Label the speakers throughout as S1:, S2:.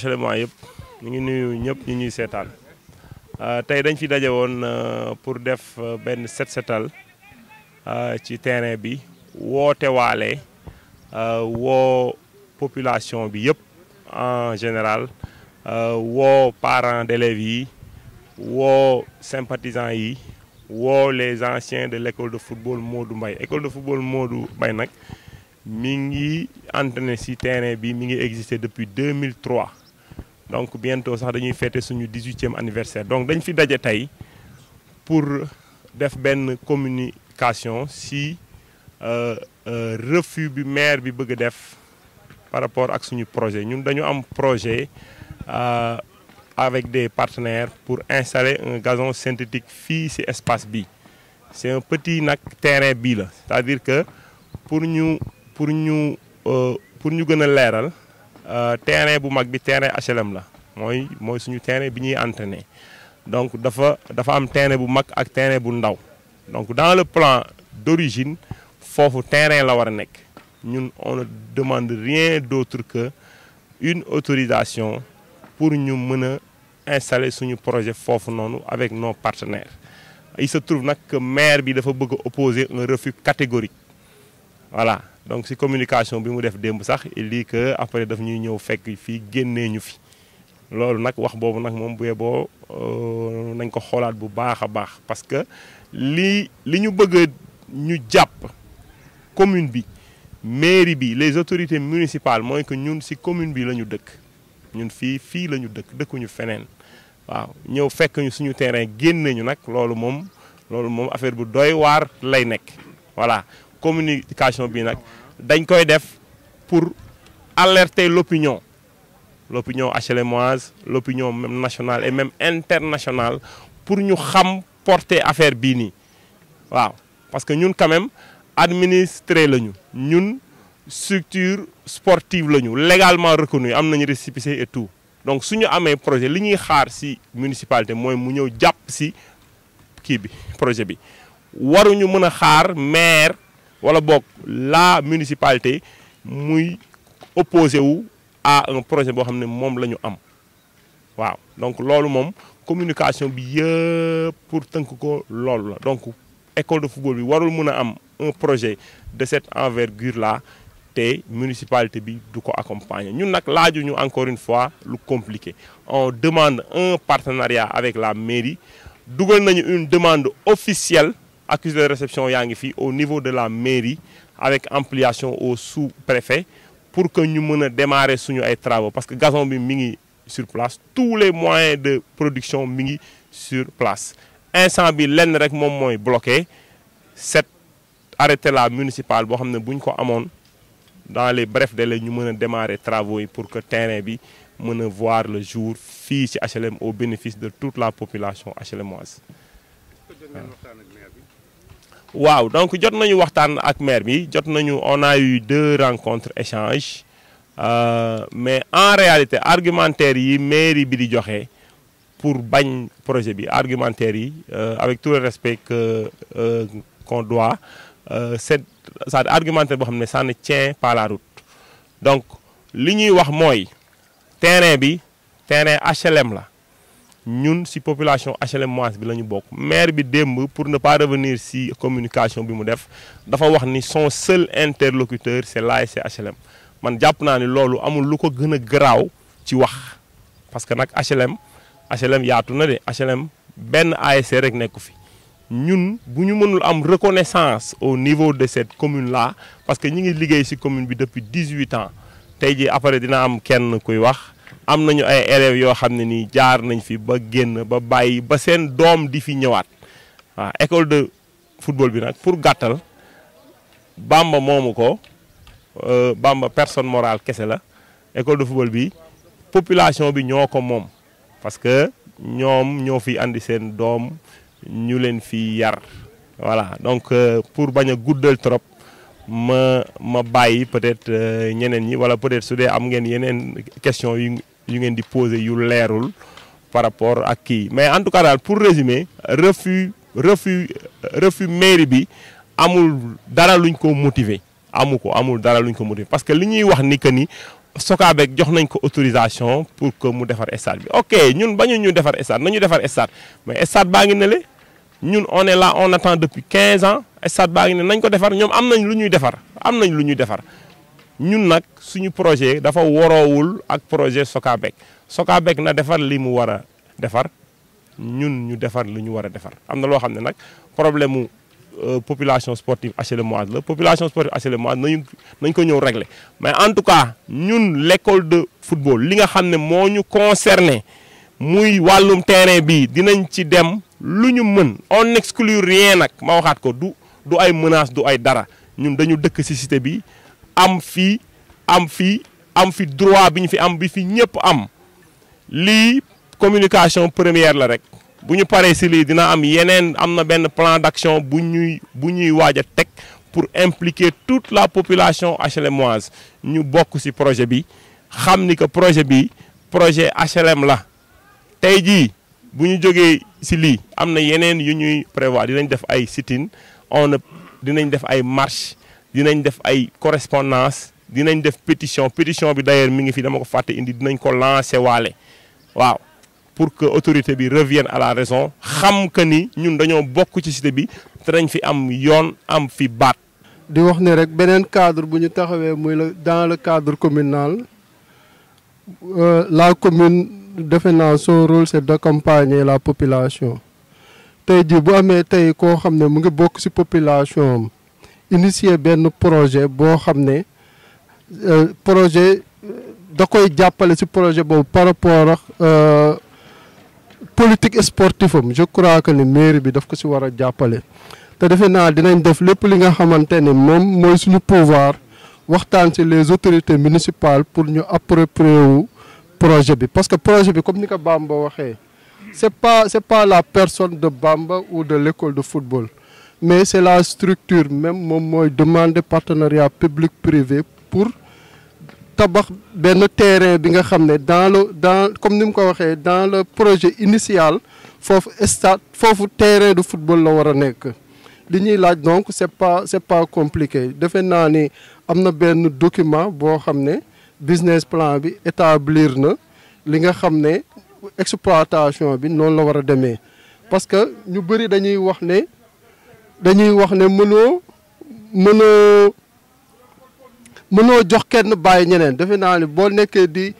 S1: HLM yëpp ñu ngi nuyu ñëpp ñu ñuy seetaan euh, tey dañ fi daje woon euh, pour def euh, benn set setal ci terrain bi woote waale la population bi en général woo parents d'élèves yi sympathisants yi les anciens de l'école de football Modou Mbaye école de football Modou Mbaye nag mi ngi sur ci terrain bi mi ngi existé depuis 2003 donc bientôt sax dañuy fêter suñu 18e anniversaire donc dañ fi pour def communication si euh, euh, refus maire par rapport à suñu projet Nous avons un projet euh, avec des partenaires pour installer un gazon synthétique fils ci espace bi c'est un petit terrain c'est-à-dire que pour nous, pour nous, pour ñu nous, euh, terrain bu mag bi terrain HLM la moy moy suñu terrain bi ñuy entraîner donc dafa dafa am terrain bu mag ak terrain bu ndaw donc dans le plan d'origine il terrain la war nek ñun on ne demande rien d'autre que une autorisation pour nous mener sur installer suñu projet avec nos partenaires il se trouve que que maire bi a opposer un refus catégorique voilà donc si communication bi mu def demb sax il dit que après daf ñuy ñew fekk fi génnee ñu fi loolu nak wax boobu nag moom bu euh nañ ko xolaat bu baaxa baax parce que li li ñu bëgg ñu japp commune bi mairie bi les autorités municipales moy que ñun si commune bi lañu dëkk ñun fi fi lañu dëkk dëkku ñu fenen waaw ñew fekk ñu suñu terrain génne ñu nag loolu mom loolu mom affaire bu doy war lay nek voilà communication bi nak dañ pour alerter l'opinion l'opinion HLMoise l'opinion même nationale et même internationale pour nous xam porter affaire bini parce que nous quand même administré lañu ñun structure sportive lañu légalement reconnue am nañu récépissé et tout donc avons un projet li ñuy xaar ci municipalité nous mu ñeu japp ci projet bi Waru xaar maire voilà la municipalité muy opposé wu à un projet pour xamné mom lañu am waaw donc lolu communication bi pour tout ko monde. donc école de football bi warul mëna a am un projet de cette envergure là la municipalité bi du ko accompagner ñun encore une fois lu compliqué on demande un partenariat avec la mairie dugal nañu une demande officielle accusé de réception au niveau de la mairie avec ampliation au sous-préfet pour que nous puissions démarrer suñu travaux parce que gazon est sur place tous les moyens de production sont sur place instant bi est bloqué cette arrêté municipale dans les brefs démarrer travaux pour que terrain bi voir le jour HLM au bénéfice de toute la population HLMoise waaw donc jot nañu waxtaan ak maire bi jot nañu on a eu deux rencontres échanges euh, mais en réalité argumentaire yi maire bi di joxé pour bañ projet bi argumentaire yi euh, avec tout le respect que euh, qu'on doit c'est cet argumentaire bo xamné ne ça ne tient pas la route donc li ñuy wax moy terrain bi terrain HLM la ñun si population HLM Mass bi lañu bok maire bi demb pour ne pas revenir si communication bi mu def dafa wax ni son seul interlocuteur c'est est l'ASC HLM man japp na ni lolu amul lu gëna graw ci wax parce que nak HLM HLM yaatu na de HLM ben ASC rek nekku fi ñun bu mënul am reconnaissance au niveau de cette commune là parce que ñi ngi liggéey ci commune bi depuis dix huit ans tay ji après dina am kenn kuy wax am nañu ay élèves yo xamné ni jaar nañ fi ba génn ba dom ba seen doom di fi ñëwaat waaw école de football bi nag pour gàttal Bamba moomu ko euh, Bamba personne morale kese la école de football bi population bi ñoo ko moom parce que ñoom ñoo fi andi seen doom ñu leen fi yar voilà donc euh, pour bañ a guddal trop ma ma bàyyi peut-être euh, ñeneen ñi wala peut-être su dee am ngeen yeneen question yi ñu ngeen di poser yu lérul par rapport ak qui. mais en tout cas dal pour résumer refus refus refus mairie bi amul dara luñ ko motiver amuko ko amul dara luñ ko motiver parce que li ñuy wax ni que ni Socabek jox nañ ko autorisation pour que mu defar stade bi ok ñun bañu ñu defar stade nañu defar stade mais stade baa ngi le ñun on est là on attend depuis 15 ans stade baa ngi ne nañ ko defar ñom am nañ lu ñuy am nañ ñun nag suñu projet dafa waroowul ak projet Socabek Socabek na defar li mu war a defar ñun ñu defar li ñu war a defar am na loo xam ne nag problème mu euh, population sportive HLMoise la population sportive HLMoise nañu nañ ko ñëw régler mais en tout cas ñun l'école de football li nga xam ne moo ñu concerné muy wàllum terrain bi dinañ ci dem lu ñu mën on exclut rien nag ma waxaat ko du du ay menace du ay dara ñun dañu dëkk ci cité bi am amfi, am am fi droit bi fi am bi fi am Li communication première la rek bu ñu si dina am yenen amna benn plan d'action bu ñuy waja tek pour impliquer toute la population HLMoise ñu beaucoup si projet bi Xamni ni que projet bi projet HLM la Tay jii bu ñu jógee si lii am na yeneen yu ñuy prévoir dinañ def ay on dinañ def ay marche dinañ def ay correspondance dinañ def pétition pétition bi d'ailleurs mi ngi fi dama ko faté indi dinañ ko lancer walé waaw pour que autorité bi revienne à la raison xam que ni ñun dañoo bokk ci cité bi te dañ fi am yoon
S2: am fi baat. di wax ne rek beneen cadre bu ñu taxawee muy le dans le cadre communal euh, la commune defe naa son rôle c'est d'accompagner la population tey jii bu amee tey koo xam ne mu ngi bokk ci population am initier ben projet bo xamné ne euh, projet da koy jàppale ci projet boobu par rapport euh politique sportive je crois que le maire bi daf ko ci wara jappalé jàppale. te defe naa dinañ def lépp li nga xamante suñu pouvoir waxtan ci les autorités municipales pour ñu approprier wu projet bi parce que projet bi comme ni ko Bamba waxé c'est pas c'est pas la personne de Bamba ou de l'école de football mais c'est la structure même qui demande demander partenariat public privé pour tabac ben terrain dans le dans comme nous l'avons ko dans le projet initial faut faut terrain de football la war a donc c'est pas c'est pas compliqué nous avons ni am ben document pour business plan bi établir ne li nga exploitation bi non parce que nous bëri dañuy wax dañuy wax ne mënoo mënoo mënoo jox kenn bàyyi ñeneen defe naa ne boo nekkee di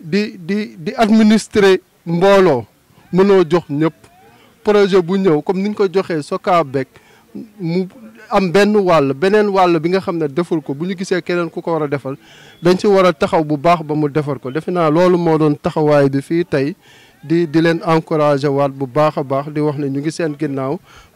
S2: di di di administrer mbooloo mënoo jox ñëpp projet bu ñëw comme ni ñu ko joxee Socabeg mu am benn wàll beneen wàll bi nga xam ne deful ko bu ñu gisee keneen ku ko war a defal dañ ci war a taxaw bu baax ba mu defar ko defe naa loolu moo doon taxawaay bi fii tey di di leen encourager waat bu baax a baax di wax ne ñu ngi seen ginnaaw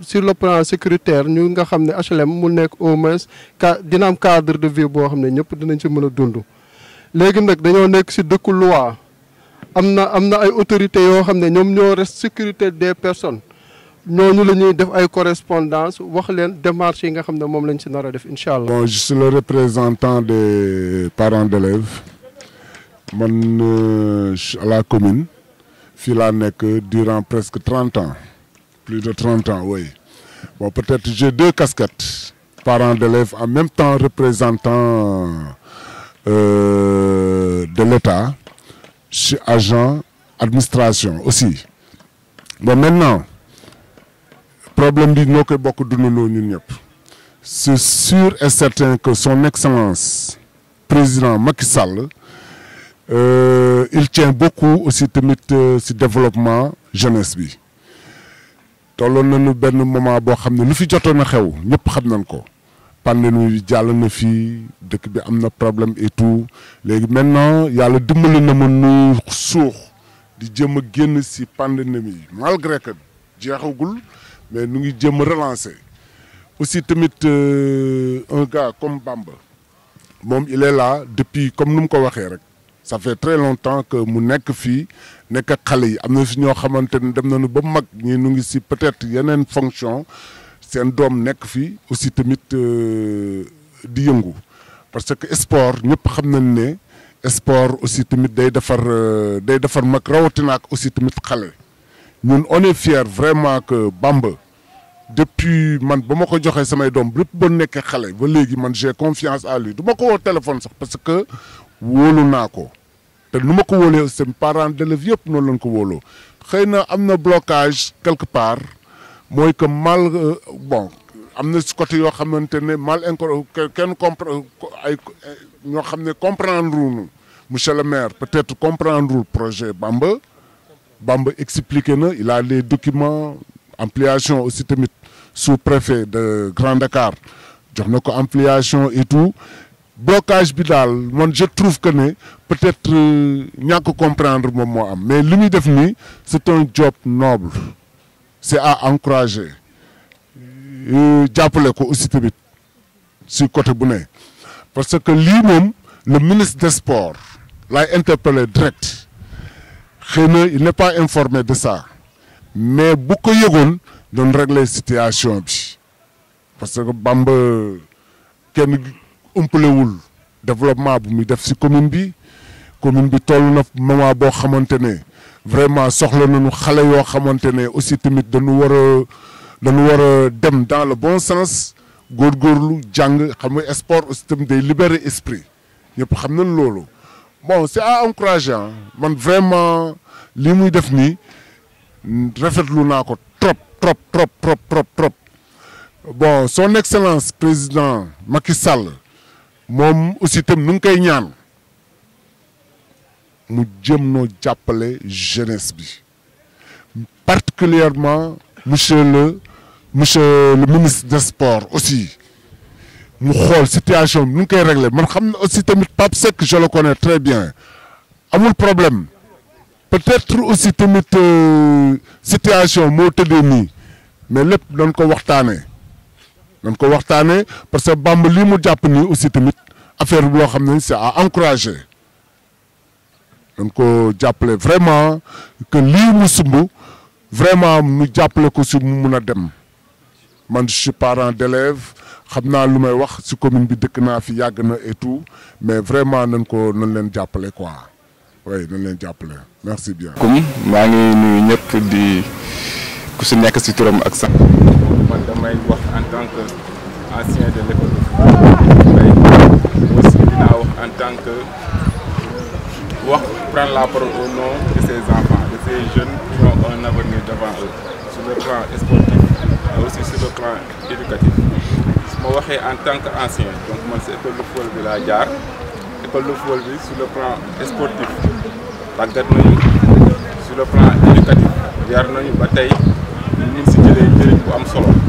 S2: sur le plan sécuritaire ñu nga xam HLM mu nekk au moins ca dina am cadre de vie nous xam ne ñëpp dinañ ci mën a dund. léegi nag dañoo nekk si dëkku loi am na ay autorité yo xamné ñom ñoo res sécurité des personnes ñooñu lañuy def ay correspondance wax leen démarche yi nga xamné mom lañ ci nara def inshallah bon
S3: je suis le représentant des parents d'élèves man euh, à la commune fi la nekk durant presque 30 ans plus de 30 ans, oui. Bon, peut-être j'ai deux casquettes, parents d'élèves, en même temps représentant euh, de l'État, chez agent administration aussi. Bon, maintenant, problème du que beaucoup de nous C'est sûr et certain que son excellence, président Macky Sall, euh, il tient beaucoup aussi euh, ce développement jeunesse tolloon nañu ben moment bo xamné ne lu fi jotoon xew ñëpp xamnañ ko pandémie ñu jall na fi dëkk bi amna problème et tout légui maintenant yalla dimbali na ma nu suux di jëm a ci pandémie malgré que jeexagul mais nu ngi jëm relancer aussi tamit euh, un gars comme Bamba mom il est là depuis comme nous ko waxé rek ça fait très longtemps que mon nek fi nek xale yi am na si ñoo dem nañu ba mag ñi nu ngi ci peut-être yenen fonction sen dom nek fi aussi tamit euh, di yëngu parce que sport ñep xam nañ ne sport aussi tamit day défar euh, day défar mag rawatina ak aussi tamit xale ñun on est fier vraiment que Bamba depuis man bama ko joxe samay dom lépp bon nek xale ba légui man j'ai confiance à lui du ma ko téléphone sax parce que wóolu ko te nu ma ko wóolee parent parents d'élèves yëpp noonu lañ ko wóoloo Il y a un blocage quelque part mooy que mal euh, bon am na si côté yoo xamante mal inco comprendre ay ne comprendre pas, monsieur le maire peut-être comprendre le projet Bamba Bamba explique, il a les documents ampliation aussi tamit sous-préfet de Grand Dakar jox ko ampliation et tout blocage bidal, je trouve que peut-être n'y euh, comprendre que de comprendre mais lui c'est un job noble c'est à encourager euh, aussi côté parce que lui-même, le ministre des sports l'a interpellé direct il n'est pas informé de ça mais beaucoup ko ont réglé régler situation parce que Bambe le développement bu muy def commune bi commune bi na vraiment aussi dañu dañu dans le bon sens sport aussi libérer esprit bon c'est à encourager hein. vraiment li muy def trop trop trop trop trop trop bon son excellence président Macky Sall mom aussi tam nu ngi ñaan mu jëm no jeunesse bi particulièrement monsieur le monsieur le ministre des sports aussi mu xol situation bi nu réglée. régler man xamna aussi tamit Pape sec je le connais très bien amul problème peut-être aussi tamit euh, situation moo tëddee ni mais lepp doon ko waxtané nañ ko waxtaanee parce que bamb lii mu jàpp nii aussi tamit affaire bi xamné xam c'est à encourager dañ ko jàppale vraiment que lii mu sumb vraiment nous jàppale ko si mu mun dem man je suis parent d'élève xamna naa lu may wax ci commune bi dëkk na fi yàgg et tout mais vraiment nañ ko nañ len jàppale quoi oui nañ len jàppale merci bien. ma ngi nuyu ñëpp
S4: di ku si nekk ci turam ak sax tant qu'ancien de l'école de aussi en tant que prendre la parole au nom de ces enfants de ces jeunes qui ont un avenir devant eux sur le plan sportif et aussi sur le plan éducatif je me en tant qu'ancien donc moi c'est l'école de football de la école de football sur le plan sportif sur le plan éducatif de nañu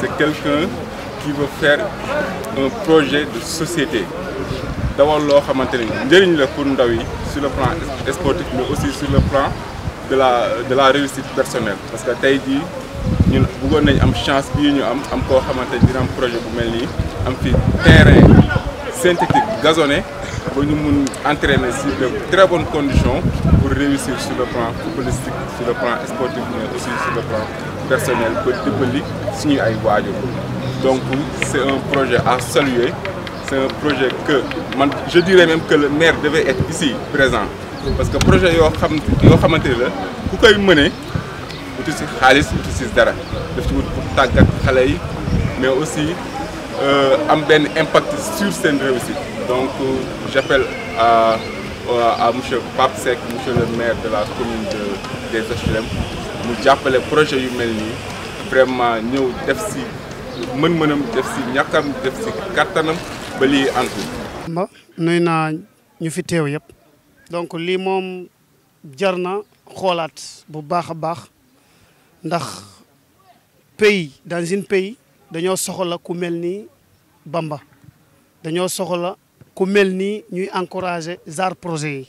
S4: c'est quelqu'un qui veut faire un projet de société D'abord, nous avons la pour sur le plan sportif mais aussi sur le plan de la de la réussite personnelle parce que Taïdi, nous ñun une chance de nous am projet bu terrain synthétique gazonné pour nous entraîner sur de très bonnes conditions pour réussir sur le plan footballistique sur le plan sportif mais aussi sur le plan personnel politique signé à ay donc c'est un projet à saluer c'est un projet que je dirais même que le maire devait être ici présent parce que le projet yo xam yoo xamante ni la ku koy mëne uti si xaalis tout si dara daf pour yi mais aussi euh, am ben impact sur sen réussite donc euh, j'appelle à à monsieur Pape monsieur le maire de la commune de des mu jàppale projet yu mel nii vraiment ñëw def si mën-mënam def si ñàkkam def si kattanam ba antu
S5: nuy naa ñu fi teew yëpp donc lii moom jar na xoolaat bu baax a baax ndax pays dans un pays dañoo soxla ku mel ni Bamba dañoo soxla ku mel ni ñuy encourager ZAR projet yi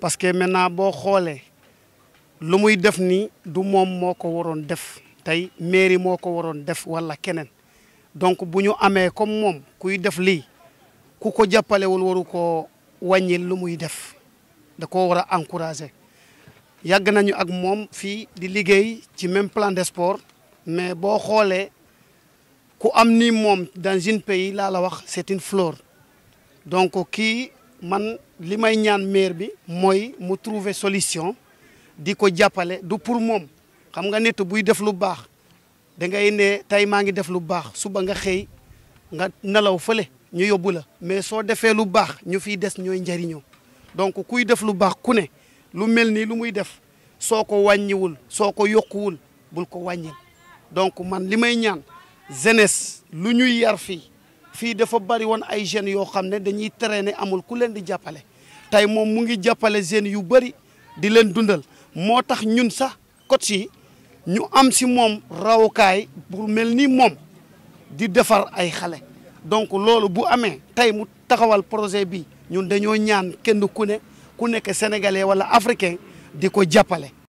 S5: parce que maintenant boo xoolee lu muy def ni du moom ko def tey mairie moo ko def wala donc bu ñu amee comme moom kuy def lii ku ko jàppalewul waru koo wàññil lu muy def da koo war a encourager yàgg nañu ak moom fii di liggéey ci même plan de sport mais boo xoolee ku am ni moom dans un pays laa la c'est une fleur donc kii man li may ñaan maire bi solution di ko jàppale du pour moom xam nga nit buy def lu baax da ngay ne tey maa ngi def lu baax suba nga xëy nga nelaw fële ñu yóbbu la mais soo defee lu baax ñu fiy des ñooy njariñoo donc kuy def lu baax ku ne lu mel ni lu muy def soo ko wàññiwul soo ko yokkuwul bul ko wàññil donc man li may ñaan jeunesse lu ñuy yar fii fii dafa bari woon ay jeunes yoo xam ne dañuy traîner amul ku leen di jàppale tey moom mu ngi jàppale jeunes yu bari di leen dundal moo tax ñun sax coach si ñu am si moom rawukaay pour mel ni moom di defar ay xale donc loolu bu amee tey mu taxawal projet bi ñun dañoo ñaan kenn ku ne ku nekk sénégalais wala africain di ko jàppale